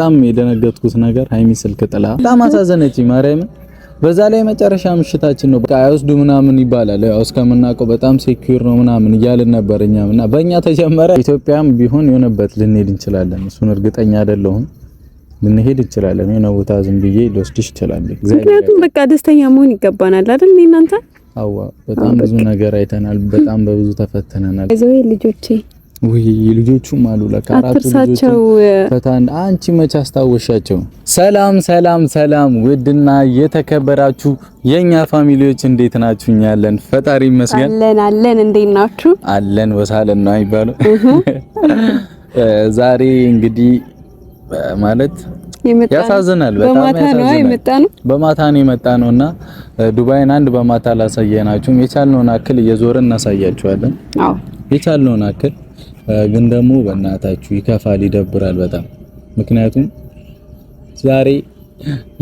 በጣም የደነገጥኩት ነገር ሀይሚ ስልክ ጥላ በጣም አሳዘነች። ማርያም በዛ ላይ መጨረሻ ምሽታችን ነው በቃ አይወስዱ ምናምን ይባላል። ያው እስከምናውቀው በጣም ሴኩር ነው ምናምን እያልን ነበር እኛም እና በእኛ ተጀመረ። ኢትዮጵያም ቢሆን የሆነበት ልንሄድ እንችላለን። እሱን እርግጠኛ አይደለሁም። ልንሄድ እንችላለን። የሆነ ቦታ ዝም ብዬ ልወስድሽ እችላለሁ። ምክንያቱም በቃ ደስተኛ መሆን ይገባናል አይደል እናንተ። አዋ በጣም ብዙ ነገር አይተናል። በጣም በብዙ ተፈተነናል። ልጆቼ ወይ ልጆቹም አሉ ለካ አራቱ ፈታን። አንቺ መች አስታወሻቸው? ሰላም ሰላም ሰላም! ውድና የተከበራችሁ የኛ ፋሚሊዎች እንዴት ናችሁ? እኛ አለን፣ ፈጣሪ ይመስገን አለን አለን። እንዴት ናችሁ? አለን ወሳለን ነው አይባለው። ዛሬ እንግዲህ ማለት ያሳዝናል። በጣም ያሳዝናል። በማታ ነው የመጣ ነውና ዱባይን አንድ በማታ ላሳየናችሁም የቻልነውን አክል እየዞርን እናሳያችኋለን። አዎ የቻልነውን አክል ግን ደግሞ በእናታችሁ ይከፋል፣ ይደብራል በጣም ምክንያቱም ዛሬ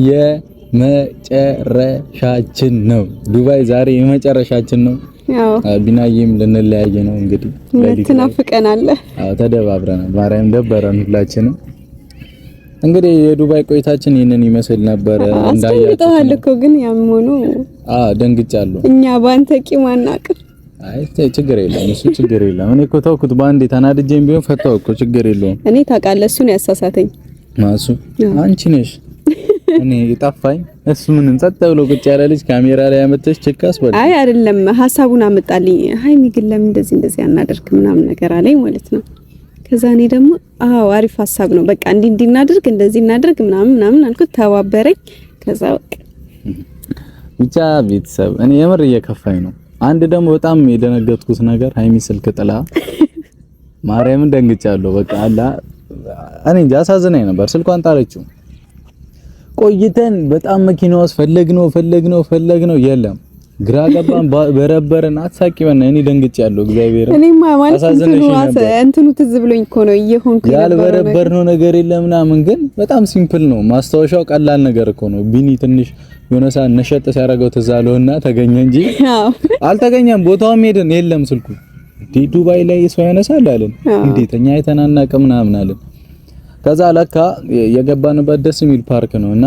የመጨረሻችን ነው። ዱባይ ዛሬ የመጨረሻችን ነው። አዎ ቢናዬም ልንለያየ ነው እንግዲህ ትናፍቀናል። አዎ ተደባብረናል። ማርያም ደበረን ሁላችንም። እንግዲህ የዱባይ ቆይታችን ይህንን ይመስል ነበር። እንዳያችሁ አስደንግጠሃል እኮ ግን ያም ሆኖ አዎ ደንግጫለሁ። እኛ ባንተ ቂም አናውቅም። አይ ችግር የለም እሱ ችግር የለም። እኔ እኮ ተውኩት በአንዴ ተናድጄም ቢሆን ፈታው እኮ ችግር የለውም። እኔ ታውቃለህ፣ ነው ያሳሳተኝ። ማሱ አንቺ ነሽ። እኔ የጠፋኝ እሱ ምን ጸጥ ብሎ ቁጭ ያለ ልጅ ካሜራ ላይ አመጣሽ ችካስ ወደ አይ አይደለም ሀሳቡን አመጣልኝ። ሀይሚ ግን ለምን እንደዚህ እንደዚህ አናደርግ ምናምን ነገር አለኝ ማለት ነው። ከዛ እኔ ደግሞ አዎ አሪፍ ሀሳብ ነው፣ በቃ እንዲህ እንዲህ እንደዚህ እናድርግ ምናምን ምናምን አልኩት፣ ተባበረኝ። ከዛ በቃ ብቻ ቤተሰብ እኔ የምር እየከፋኝ ነው አንድ ደግሞ በጣም የደነገጥኩት ነገር ሀይሚ ስልክ ጥላ ማርያምን ደንግጫለሁ። በቃ አላ እኔ እንጃ አሳዝናኝ ነበር። ስልኳን ጣለችው። ቆይተን በጣም መኪና ውስጥ ፈለግነው ፈለግነው ፈለግነው የለም። ግራ ገባን፣ በረበረን። አትሳቂ በና እኔ ደንግጫለሁ። እግዚአብሔር እኔማ ማለት እንትኑ ትዝ ብሎኝ እኮ ነው እየሆንኩ ያልበረበርነው ነገር የለም ምናምን፣ ግን በጣም ሲምፕል ነው ማስታወሻው ቀላል ነገር እኮ ነው ቢኒ ትንሽ የሆነ ሰዓት ነሸጥ ሲያደርገው ትዝ አለውና ተገኘ እንጂ አልተገኘም። ቦታውም ሄደን የለም ስልኩ ዱባይ ላይ ሰው ያነሳል አለን። እንዴት እኛ አይተን አናውቅም ምናምን አለን። ከዛ ለካ የገባንበት ደስ የሚል ፓርክ ነው እና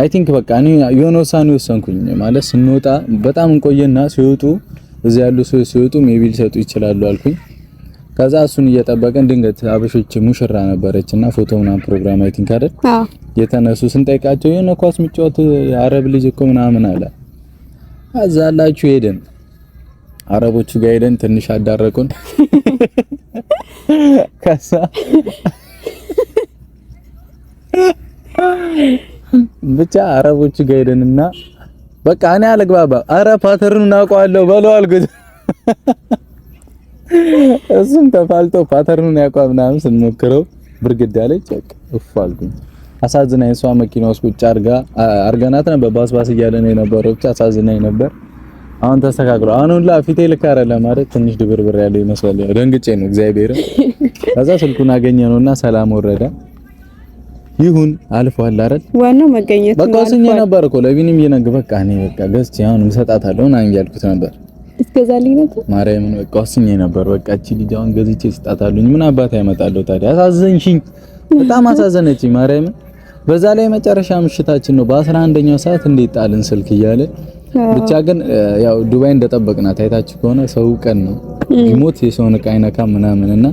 አይ ቲንክ በቃ እኔ የሆነ ውሳኔ ወሰንኩኝ። ማለት ስንወጣ በጣም እንቆየና ሲወጡ እዚያ ያሉ ሰዎች ሲወጡ ሜቢ ሊሰጡ ይችላሉ አልኩኝ። ከዛ እሱን እየጠበቀን ድንገት አበሾች ሙሽራ ነበረች እና ፎቶ ምናምን ፕሮግራም አይ ቲንክ አይደል የተነሱ ስንጠይቃቸው የሆነ ኳስ ምጫወት አረብ ልጅ እኮ ምናምን አለ። አዛላችሁ ሄደን አረቦቹ ጋር ሄደን ትንሽ አዳረቁን። ከዛ ብቻ አረቦቹ ጋር ሄደንና በቃ እኔ አልግባባ አረ ፓተርኑን አውቀዋለሁ በለው አልኩት። እሱም ተፋልጦ ፓተርኑን ያውቋል ምናምን ስንሞክረው ብርግዳ ላይ ጨቅ አልኩኝ። አሳዝናኝ። እሷ መኪና ውስጥ ቁጭ አርጋ አርገናት ነበር። ባስ ባስ እያለ ነው የነበረው። ብቻ አሳዝናኝ ነበር። አሁን ተስተካክሎ አሁን ሁላ ፊቴ ልክ አይደለም ማለት ትንሽ ድብርብር ያለው ይመስላል። ደንግጬ ነው እግዚአብሔር። ከዛ ስልኩን አገኘ ነውና ሰላም ወረደ። ይሁን አልፏል አይደል? ዋናው መገኘት ነው። በቃ ወስኜ ነበር እኮ ለቢንም እየነገ በቃ እኔ በቃ ገዝቼ አሁን እሰጣታለሁ ምናምን እያልኩት ነበር ልትገዛልኝ ነበር? ማርያምን በቃ ወስኜ ነበር። በቃ እቺ ልጅ አሁን ገዝቼ ስጣታለሁኝ ምን አባት አይመጣለሁ ታዲያ። አሳዘንሽኝ፣ በጣም አሳዘነችኝ ማርያምን። በዛ ላይ መጨረሻ ምሽታችን ነው። በአስራ አንደኛው ሰዓት እንዴት ጣልን ስልክ እያለ ብቻ ግን ያው ዱባይ እንደጠበቅና ታይታችሁ ከሆነ ሰው ቀን ነው ቢሞት የሰውን ዕቃ አይነካም ምናምን እና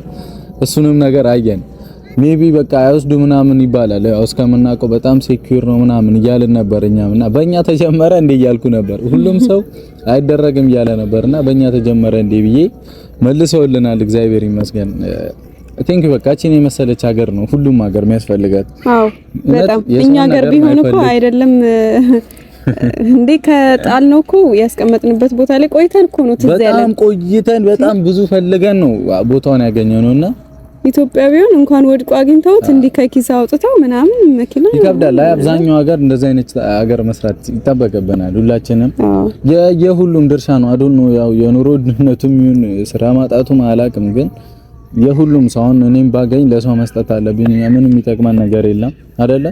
እሱንም ነገር አየን። ሜቢ በቃ አይወስዱ ምናምን ይባላል። ያው እስከምናውቀው በጣም ሴኩር ነው ምናምን እያልን ነበር እኛም እና በእኛ ተጀመረ እንዴ እያልኩ ነበር። ሁሉም ሰው አይደረግም እያለ ነበርና በእኛ ተጀመረ እንዴ ብዬ መልሰውልናል። እግዚአብሔር ይመስገን። ቲንክ በቃ እቺን የመሰለች ሀገር ነው ሁሉም ሀገር የሚያስፈልጋት። አዎ በጣም እኛ ሀገር ቢሆን እኮ አይደለም እንዴ ከጣል ነው እኮ ያስቀመጥንበት ቦታ ላይ ቆይተን እኮ ነው ትዝ ያለን። በጣም ቆይተን በጣም ብዙ ፈልገን ነው ቦታውን ያገኘነውና ኢትዮጵያውያን እንኳን ወድቆ አግኝተውት እንዲህ ከኪስ አውጥተው ምናምን መኪና ይከብዳል። አብዛኛው ሀገር እንደዚህ አይነት ሀገር መስራት ይጠበቅብናል ሁላችንም። የሁሉም ድርሻ ነው አዶኖ ያው የኑሮ ድህነቱም ይሁን ስራ ማጣቱም አላቅም፣ ግን የሁሉም ሰው አሁን እኔም ባገኝ ለሰው መስጠት አለብኝ። ምንም የሚጠቅመን ነገር የለም አይደለ?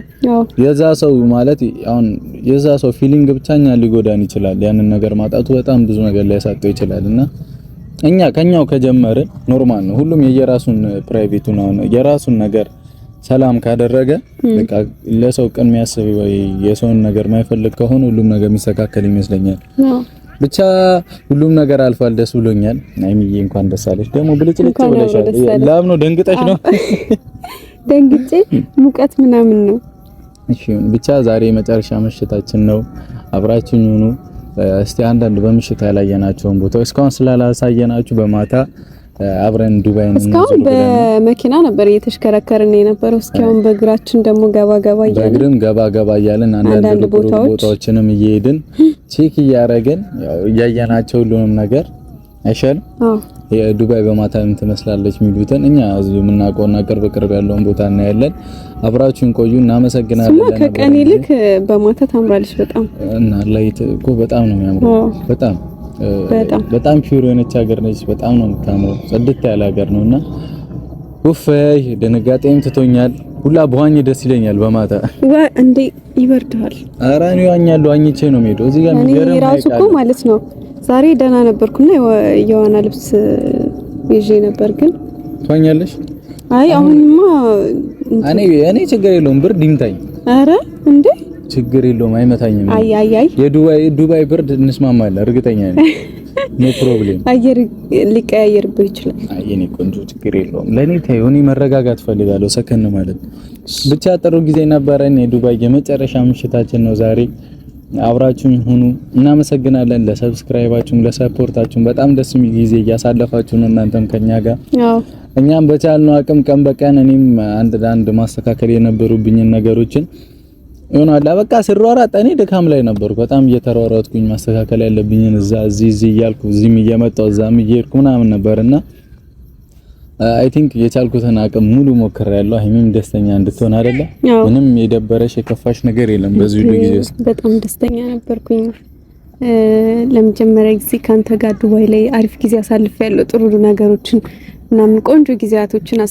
የዛ ሰው ማለት አሁን የዛ ሰው ፊሊንግ ብቻኛ ሊጎዳን ይችላል። ያንን ነገር ማጣቱ በጣም ብዙ ነገር ሊያሳጠው ይችላል እና እኛ ከኛው ከጀመርን ኖርማል ነው። ሁሉም የየራሱን ፕራይቬቱን አሁን የራሱን ነገር ሰላም ካደረገ በቃ ለሰው ቅን የሚያስብ ወይ የሰውን ነገር ማይፈልግ ከሆነ ሁሉም ነገር የሚስተካከል ይመስለኛል። ብቻ ሁሉም ነገር አልፏል። ደስ ብሎኛል። አይምዬ እንኳን ደስ አለሽ። ደግሞ ብልጭልጭ ብለሻል። ላም ነው ደንግጠሽ ነው? ደንግጬ ሙቀት ምናምን ነው። እሺ ብቻ ዛሬ መጨረሻ መሸታችን ነው። አብራችሁኝ ሁኑ። እስቲ አንዳንድ በምሽት ያላየናቸውን ቦታዎች እስካሁን ስላላሳየናችሁ በማታ አብረን ዱባይ ነው። እስካሁን በመኪና ነበር እየተሽከረከርን የነበረው። እስካሁን በእግራችን ደግሞ ገባ ገባ እያልን በእግርም ገባ ገባ እያልን አንዳንድ ቦታዎችንም እየሄድን ቼክ እያረግን ያው እያየናቸው ሁሉንም ነገር አይሻልም? የዱባይ በማታ ምን ትመስላለች የሚሉትን እኛ እዚሁ የምናውቀውና ቅርብ ቅርብ ያለውን ቦታ እናያለን። አብራችሁን ቆዩ። እናመሰግናለን። ስማ ከቀን ይልቅ በማታ ታምራለች በጣም እና ላይት እኮ በጣም ነው የሚያምረው። በጣም በጣም ፒውር የሆነች ሀገር ነች። በጣም ነው የምታምረው። ጽድት ያለ ሀገር ነውና ውፈይ ድንጋጤም ትቶኛል። ሁላ በዋኝ ደስ ይለኛል። በማታ ወይ እንዴ ይበርደዋል። ኧረ እኔ ዋኛለሁ። ዋኝቼ ነው የምሄደው እዚህ ጋር እኔ እራሱ እኮ ማለት ነው ዛሬ ደህና ነበርኩና የዋና ልብስ ይዤ ነበር። ግን ትዋኛለሽ? አይ አሁንማ እኔ እኔ ችግር የለውም ብርድ ይምታኝ። አረ እንዴ ችግር የለውም አይመታኝም። አይ አይ አይ የዱባይ ዱባይ ብርድ እንስማማለን፣ እርግጠኛ ነኝ። ኖ ፕሮብሌም። አየር ሊቀያየርብህ ይችላል። አይ እኔ ቆንጆ ችግር የለውም። ለኔ ተይው፣ እኔ መረጋጋት ፈልጋለሁ፣ ሰከን ማለት ብቻ። ጥሩ ጊዜ ነበረን። የዱባይ የመጨረሻ ምሽታችን ነው ዛሬ አብራችሁኝ ሁኑ። እናመሰግናለን። ለሰብስክራይባችሁም ለሰፖርታችሁም በጣም ደስ የሚል ጊዜ እያሳለፋችሁ ነው እናንተም ከኛ ጋር እኛም በቻልነው አቅም ቀን በቀን እኔም አንድ ለአንድ ማስተካከል የነበሩብኝን ነገሮችን ይሆናል በቃ ስሯሯጥ እኔ ድካም ላይ ነበርኩ። በጣም እየተሯሯጥኩኝ ማስተካከል ያለብኝን እዛ እዚህ እዚህ እያልኩ እዚህም እየመጣሁ እዛም እየሄድኩ ምናምን ነበርና አይ ቲንክ የቻልኩትን አቅም ሙሉ ሞክሬያለሁ። ሀይሚም ደስተኛ እንድትሆን አይደለ? ምንም የደበረሽ የከፋሽ ነገር የለም። በዚህ ሁሉ ጊዜ ውስጥ በጣም ደስተኛ ነበርኩኝ። ለመጀመሪያ ጊዜ ካንተ ጋር ዱባይ ላይ አሪፍ ጊዜ ያለው ጥሩ ነገሮችን ምናምን ቆንጆ ጊዜያቶችን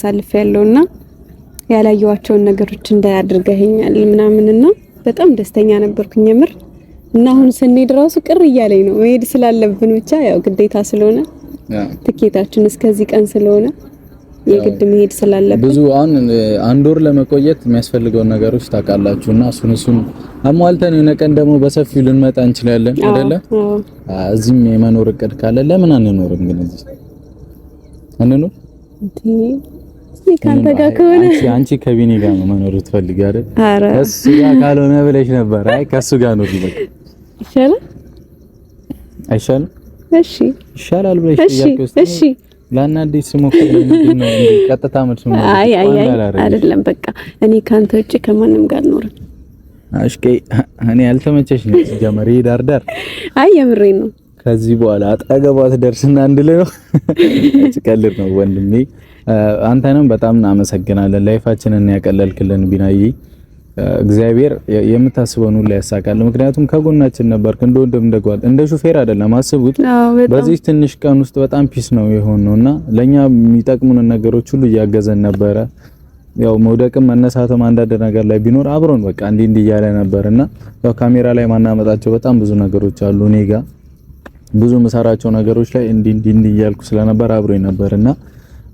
ያለውና ያላየዋቸውን ነገሮች እንዳያደርገኛል ምናምንና በጣም ደስተኛ ነበርኩኝ የምር እና አሁን ስንሄድ ራሱ ቅር እያለኝ ነው መሄድ ስላለብን ብቻ ያው ግዴታ ስለሆነ ትኬታችን እስከዚህ ቀን ስለሆነ የግድ መሄድ ስላለበት ብዙ አሁን አንድ ወር ለመቆየት የሚያስፈልገውን ነገሮች ታውቃላችሁ እና እሱን እሱን አሟልተን የሆነ ቀን ደግሞ በሰፊው ልንመጣ እንችላለን አይደለ? እዚህም የመኖር እቅድ ካለ ለምን አንኖርም? ግን እዚህ አንኖር ከአንተ ጋር ከሆነ አንቺ ከቢኒ ጋር ነው መኖር ትፈልጊ አይደል? አረ እሱ ጋር ካልሆነ ብለሽ ነበር። አይ ከሱ ጋር ነው ይበቃ ይሻላል። አይሻልም? እሺ ይሻላል ብለሽ እሺ እሺ ላናደድ ስሞክር ምንድን ነው ቀጥታ መልስ ነው። አይ አይ አይ አይደለም፣ በቃ እኔ ካንተ ከማንም ጋር ኖር አሽከ እኔ አልተመቸሽ ነው ጀመሪ ዳርዳር። አይ የምሬ ነው። ከዚህ በኋላ አጠገቧ ትደርስና አንድ ላይ ነው። ነው ወንድሜ። አንተንም በጣም እናመሰግናለን ላይፋችንን ያቀለልክልን ቢናዬ እግዚአብሔር የምታስበውን ሁሉ ያሳካል። ምክንያቱም ከጎናችን ነበርክ፣ እንደ ወንድም እንደ ጓል እንደ ሹፌር አይደለም። አስቡት፣ በዚህ ትንሽ ቀን ውስጥ በጣም ፒስ ነው የሆነውና ለኛ የሚጠቅሙንን ነገሮች ሁሉ እያገዘን ነበረ። ያው መውደቅም መነሳትም አንዳንድ ነገር ላይ ቢኖር አብሮን በቃ እንዲ እንዲ እያለ ነበርና ያው ካሜራ ላይ ማናመጣቸው በጣም ብዙ ነገሮች አሉ። እኔ ጋ ብዙ የምሰራቸው ነገሮች ላይ እንዲ እንዲ እያልኩ ስለነበር አብሮኝ ነበርና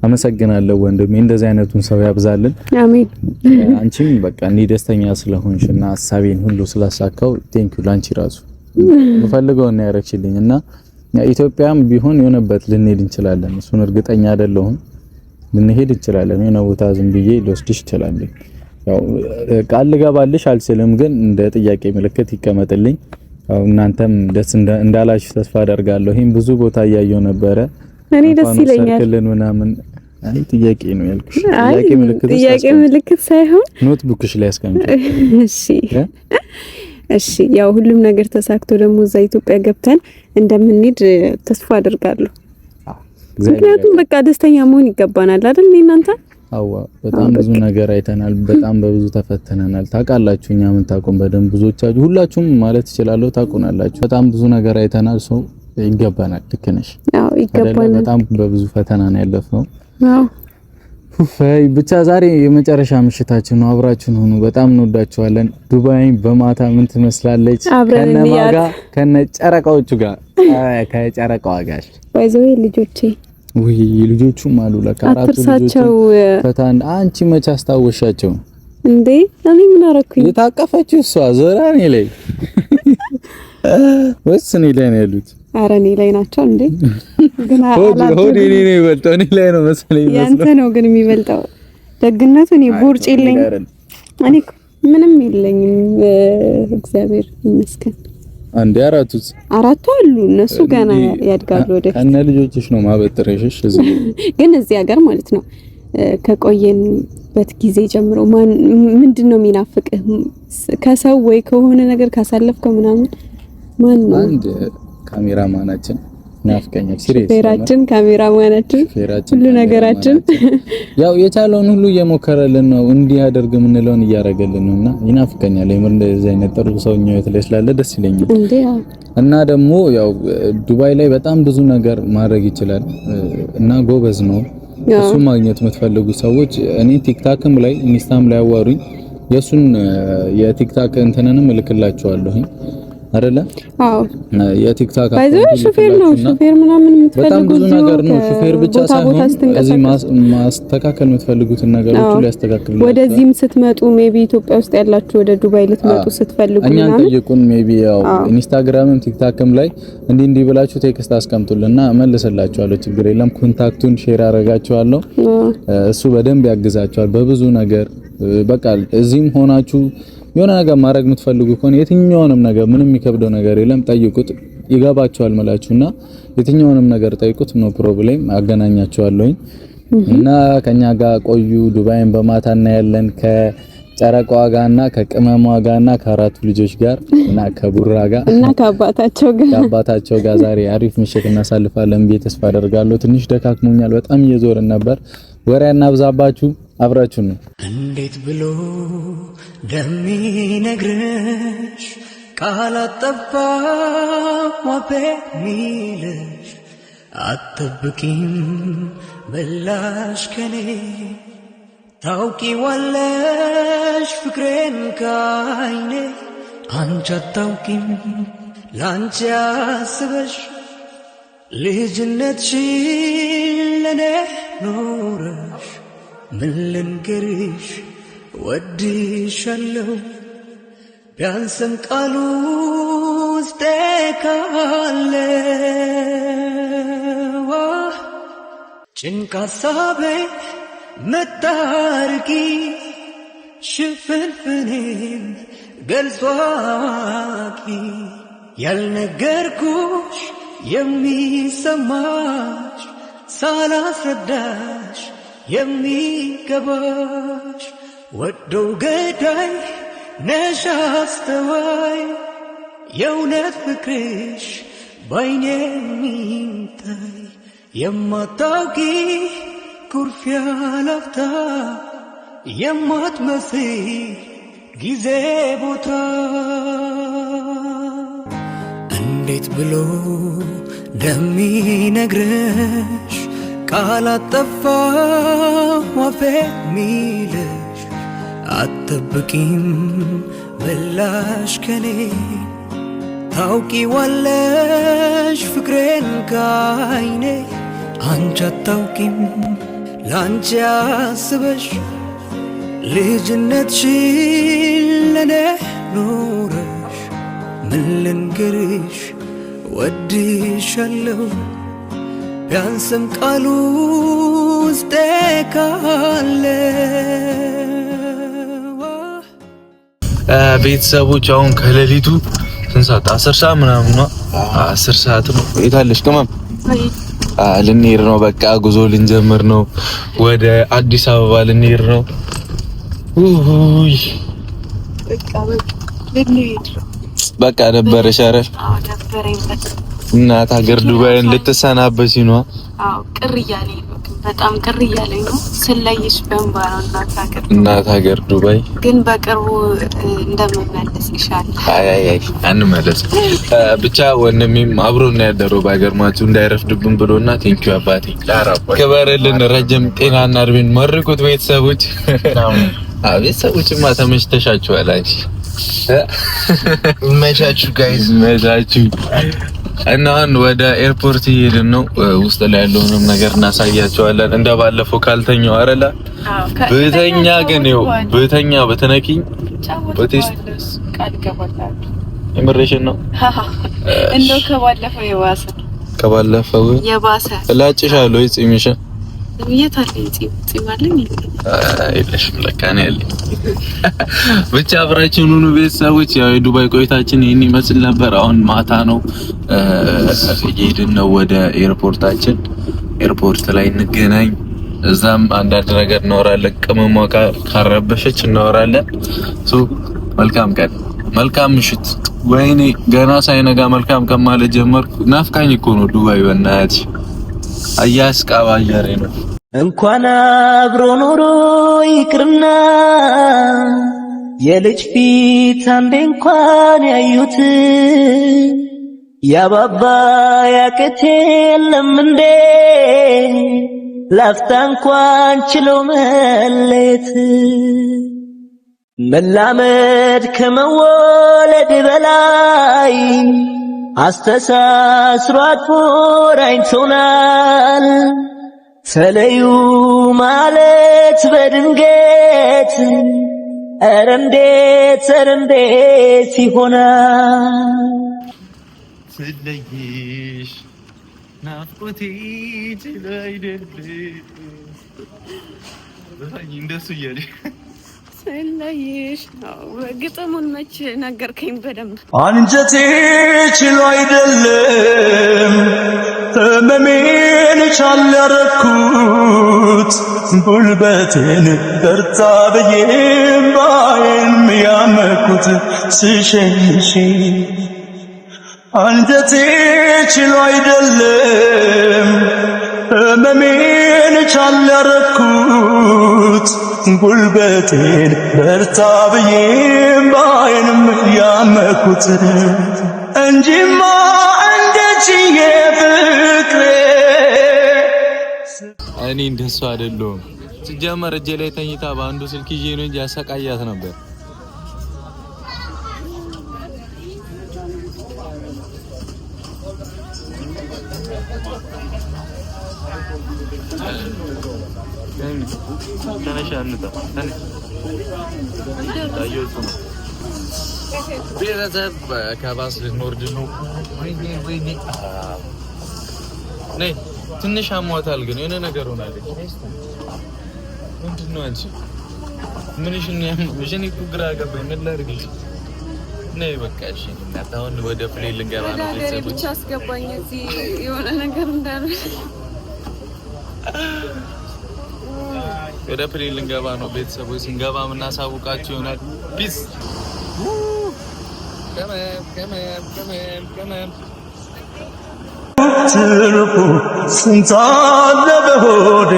አመሰግናለሁ ወንድሜ፣ እንደዚህ አይነቱን ሰው ያብዛልን። አሜን። አንቺም በቃ እንዲህ ደስተኛ ስለሆንሽ እና ሀሳቤን ሁሉ ስላሳካው ዩ ላንቺ ራሱ ምፈልገው እና ያረግሽልኝ እና ኢትዮጵያም ቢሆን የሆነበት ልንሄድ እንችላለን። እሱን እርግጠኛ አይደለሁም። ልንሄድ እንችላለን። የሆነ ቦታ ዝም ብዬ ልወስድሽ እችላለሁ። ያው ቃል ልገባልሽ አልችልም፣ ግን እንደ ጥያቄ ምልክት ይቀመጥልኝ። ያው እናንተም ደስ እንዳላችሁ ተስፋ አደርጋለሁ። ይሄን ብዙ ቦታ እያየሁ ነበረ። እኔ ደስ ይለኛል ምናምን አይ ጥያቄ ነው ያልኩሽ። ጥያቄ ምልክት ሳይሆን ኖት ላይ አስቀምጪ። እሺ እሺ። ያው ሁሉም ነገር ተሳክቶ ደግሞ እዛ ኢትዮጵያ ገብተን እንደምንሄድ ተስፋ አድርጋለሁ። ምክንያቱም በቃ ደስተኛ መሆን ይገባናል አይደል? እናንተ አዎ በጣም ብዙ ነገር አይተናል። በጣም በብዙ ተፈተነናል። ታውቃላችሁ እኛ ምን ታቆም በደንብ ብዙዎቻችሁ ሁላችሁም ማለት እችላለሁ ታውቁናላችሁ። በጣም ብዙ ነገር አይተናል። ሰው ይገባናል። ልክ ነሽ። አዎ ይገባናል። በጣም በብዙ ፈተና ነው ያለፍነው። አይ ብቻ ዛሬ የመጨረሻ ምሽታችን ነው። አብራችን ሆኑ። በጣም እንወዳችኋለን። ዱባይን በማታ ምን ትመስላለች? ከነማጋ ከነጨረቃዎቹ ጋር ከጨረቃዋ ጋር ወይዘው ልጆቼ ወይ ልጆቹም አሉ ለካራቱ ልጆቹ ፈታን። አንቺ መች አስታወሻቸው እንዴ? እኔ ምን አረኩኝ? የታቀፈችው እሷ ዞራ እኔ ላይ ወይስ እኔ ላይ ያሉት? ኧረ እኔ ላይ ናቸው እንዴ? ግን ሆድ እኔ ነው የሚበልጠው። እኔ ላይ ነው መሰለኝ። ያንተ ነው ግን የሚበልጠው ደግነቱ። እኔ ቦርጭ የለኝ እኔ ምንም የለኝም። እግዚአብሔር ይመስገን። አንድ አራቱ አራቱ አሉ። እነሱ ገና ያድጋሉ። ወደ ከነ ልጆችሽ ነው ማበጥረሽሽ። እዚህ ግን እዚህ ሀገር ማለት ነው ከቆየንበት ጊዜ ጀምሮ ምንድን ነው የሚናፍቅህ? ከሰው ወይ ከሆነ ነገር ካሳለፍከው ምናምን ማን ነው ካሜራማናችን ናፍቀኛል። ሲሪየስ ፌራችን ካሜራማናችን ሁሉ ነገራችን ያው የቻለውን ሁሉ እየሞከረልን ነው። እንዲያደርግ አደርግ የምንለውን እያደረገልን ነውና ይናፍቀኛል። የምር እንደዚህ አይነት ጥሩ ሰውኛ የተለየ ስላለ ደስ ይለኛል። እና ደግሞ ያው ዱባይ ላይ በጣም ብዙ ነገር ማድረግ ይችላል እና ጎበዝ ነው እሱ። ማግኘት የምትፈልጉ ሰዎች እኔ ቲክታክም ላይ ኢንስታም ላይ አዋሩኝ። የሱን የቲክታክ እንትንንም እልክላችኋለሁ አይደለ? አዎ። የቲክታክ ሹፌር ነው። ሹፌር ምናምን የምትፈልጉት በጣም ብዙ ነገር ነው። ሹፌር ብቻ ሳይሆን እዚህ ማስተካከል የምትፈልጉትን ነገሮች ሊያስተካክል ወደዚህም ስትመጡ ሜቢ ኢትዮጵያ ውስጥ ያላችሁ ወደ ዱባይ ልትመጡ ስትፈልጉ እኛን ጠይቁን። ሜቢ ያው ኢንስታግራምም ቲክታክም ላይ እንዲህ እንዲህ ብላችሁ ቴክስት አስቀምጡልና መልሰላችኋለሁ። ችግር የለም። ኮንታክቱን ሼር አረጋችኋለሁ። እሱ በደንብ ያግዛችኋል በብዙ ነገር በቃ እዚህም ሆናችሁ የሆነ ነገር ማድረግ የምትፈልጉ ከሆነ የትኛውንም ነገር ምንም የሚከብደው ነገር የለም፣ ጠይቁት፣ ይገባቸዋል መላችሁና የትኛውንም ነገር ጠይቁት። ኖ ፕሮብሌም አገናኛችኋለሁኝ እና ከኛ ጋር ቆዩ። ዱባይን በማታ እናያለን ከጨረቃዋ ጋና ከቅመሟ ጋርና ከአራቱ ልጆች ጋር እና ከቡራ ጋር እና ከአባታቸው ጋር ከአባታቸው ጋር ዛሬ አሪፍ ምሽት እናሳልፋለን ብዬ ተስፋ አደርጋለሁ። ትንሽ ደካክሞኛል፣ በጣም እየዞርን ነበር። ወሬ እናብዛባችሁ? አብራችሁን ነው። እንዴት ብሎ ደሜ ነግረሽ ቃል አጠባ ዋቤ ሚልሽ አጠብቂም በላሽ ከኔ ታውቂዋለሽ ፍቅሬን ካይኔ አንቺ አታውቂም ላንቺ አስበሽ ልጅነትሽን ለኔ ኖረሽ ምን ልንገርሽ ወድሻለሁ ቢያንስም ቃሉ ውስጤ ካለ ጭንቅ ሐሳቤ መታርቂ ሽፍንፍኔን ገልጾ አዋቂ ያልነገርኩሽ የሚሰማሽ ሳላስረዳሽ የሚገባሽ ወደው ገዳይ ነሽ አስተዋይ የእውነት ፍቅርሽ ባይኔ የሚታይ የማታውቂ ኩርፊያ ላፍታ የማትመስ ጊዜ ቦታ እንዴት ብሎ ነግረሽ ቃል ዋፌ አፌ ሚልሽ አትጠብቂም ምላሽ ከኔ ዋለሽ ፍቅሬን ከዓይኔ አንቺ አታውቂም ላንቺ አስበሽ ልጅነትሽን ለኔ ኖረሽ ምን ልንገርሽ ወድሻለሁ ቢያንስም ቃሉ ውስጤ ካለ ቤተሰቦች አሁን ከሌሊቱ ስንት ሰዓት? አስር ሰዓት ምናምን ነው። አስር ሰዓት ነው። የታለሽ ቅመም? ልንሄድ ነው በቃ ጉዞ ልንጀምር ነው። ወደ አዲስ አበባ ልንሄድ ነው። ውይ በቃ በቃ ደበረሽ? እናት ሀገር ዱባይን ልትሰናበት ሲኗ አዎ ቅር እያለኝ ነው፣ በጣም ቅር እያለኝ ነው። ስለይሽ በእንባ ነው እናት ሀገር እናት ሀገር ዱባይ። ግን በቅርቡ እንደምመለስ ይሻላል። አይ አይ አንመለስ ብቻ። ወንድሜም አብሮ ነው ያደረው በሀገር ማቱ እንዳይረፍድብን ብሎና፣ ቴንኪው አባቴ ክበርልን። ረጅም እና እድሜን መርቁት ቤተሰቦች። ቤተሰቦችማ ተመችተሻችኋል። አንቺ መቻችሁ ጋይዝ መቻችሁ እና አሁን ወደ ኤርፖርት እየሄድን ነው። ውስጥ ላይ ያለውንም ነገር እናሳያቸዋለን። እንደ ባለፈው ካልተኛው አረለ ብተኛ ግን ይኸው ብተኛ በተነኪኝ በቴስት የምሬሽን ነው እንደው ከባለፈው የባሰ ከባለፈው የባሰ እላጭሻለሁ ይጽምሽ ብቻ አብራችን ሁኑ ቤተሰቦች። ያው የዱባይ ቆይታችን ይህን ይመስል ነበር። አሁን ማታ ነው፣ እየሄድን ነው ወደ ኤርፖርታችን። ኤርፖርት ላይ እንገናኝ። እዛም አንዳንድ ነገር እናወራለን። ቅመሟ ካረበሸች እናወራለን። መልካም ቀን፣ መልካም ምሽት። ወይኔ ገና ሳይነጋ መልካም ቀን ማለት ጀመርኩ። ናፍቃኝ እኮ ነው ዱባይ በእናትሽ። አያስቃባ አየሬ ነው። እንኳን አብሮ ኖሮ ይቅርና የልጅ ፊት አንዴ እንኳን ያዩት ያባባ ያቅቴ የለም እንዴ ላፍታ እንኳን ችሎ መለየት መላመድ ከመወለድ በላይ አስተሳስሮ አድፎ ራኝቶናል። ተለዩ ማለት በድንገት ኧረ እንዴት ኧረ እንዴት ይሆናል ስለይሽ ናፍቆቴ ችላ አይደል እንደሱ እያለ ስለይሽ ግጥሙን መች ነገርከኝ በደንብ አንጀቴ ችሎ አይደለም ህመሜን ቻለርኩት ጉልበቴን በርታ ብዬ ባይን ያመኩት ስሸሽ አንጀቴ ችሎ አይደለም ህመሜን ቻለርኩት ጉልበቴን በርታ ብዬ ባይንም ያመኩት እንጂማ እንደ ችዬ እኔ እንደሱ አይደለሁም። ሲጀመር እጄ ላይ ተኝታ በአንዱ ስልክ ይዤ ነው እንጂ ያሰቃያት ነበር። ቤተሰብ ከባስ ልንወርድ ነው። ትንሽ አሟታል፣ ግን የሆነ ነገር ሆናለች። ምንድን ነው አንቺ? ነው ያመመሽ? እኔ እኮ ግራ ገባኝ። ምን ላድርግልሽ? ነይ በቃ እሺ። አሁን ወደ ፕሌን ልንገባ ነው። ብቻ አስገባኝ እዚህ የሆነ ነገር እንዳለ ወደ ፕሌን ልንገባ ነው። ቤተሰቦች ስንገባ የምናሳውቃቸው ይሆናል። ፒስ ከመም ከመም ከመም ከመም ስንት አለ በሆዴ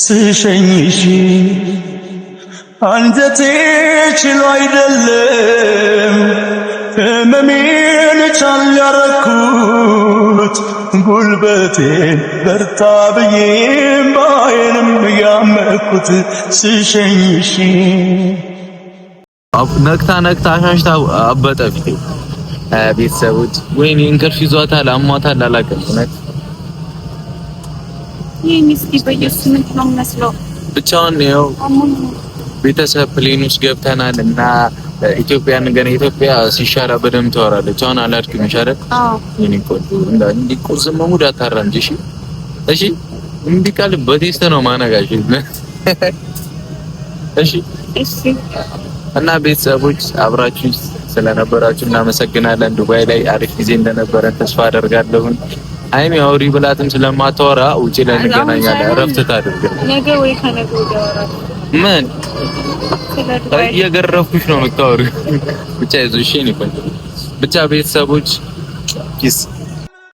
ስሸኝሽ አንጀቴ ችሎ አይደለም ህመሜን ቻል ያረኩት ጉልበቴን በርታ ብዬ በአይንም ያመኩት ስሸኝሽ ነቅታ ነቅታ አሻሽታ አበጠ ቤተሰቦች ወይኔ እንቅልፍ ይዟታል፣ አሟታል፣ አላውቅም። እውነት ይህ ሚስኪ በየሱ ነው የሚመስለው? ብቻውን ነው ቤተሰብ ፕሌን ውስጥ ገብተናል እና ኢትዮጵያን ገና ኢትዮጵያ ሲሻላ በደንብ ታወራለች። አሁን አላድክም ይሻላል። አዎ እንዲቆዝ መሙድ አታራምጂ። እሺ እሺ፣ እምቢ በቴስት ነው ማነጋሽ። እሺ እሺ። እና ቤተሰቦች አብራችሁ ስለነበራችሁ እናመሰግናለን። ዱባይ ላይ አሪፍ ጊዜ እንደነበረን ተስፋ አደርጋለሁ። አይም አውሪ ብላትም ስለማታወራ ውጪ ላይ እንገናኛለን። እረፍት ታድርግ። ነገ ወይ ከነገ ወዲያ አወራለሁ። ምን እየገረፍኩሽ ነው የምታወሪው? ብቻ ይዞ ሽን ይዞሽ ብቻ ቤተሰቦች ኪስ